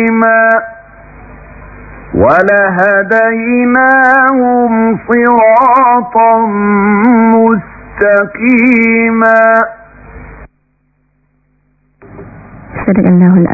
مستقيما ولهديناهم صراطا مستقيما صدق الله العظيم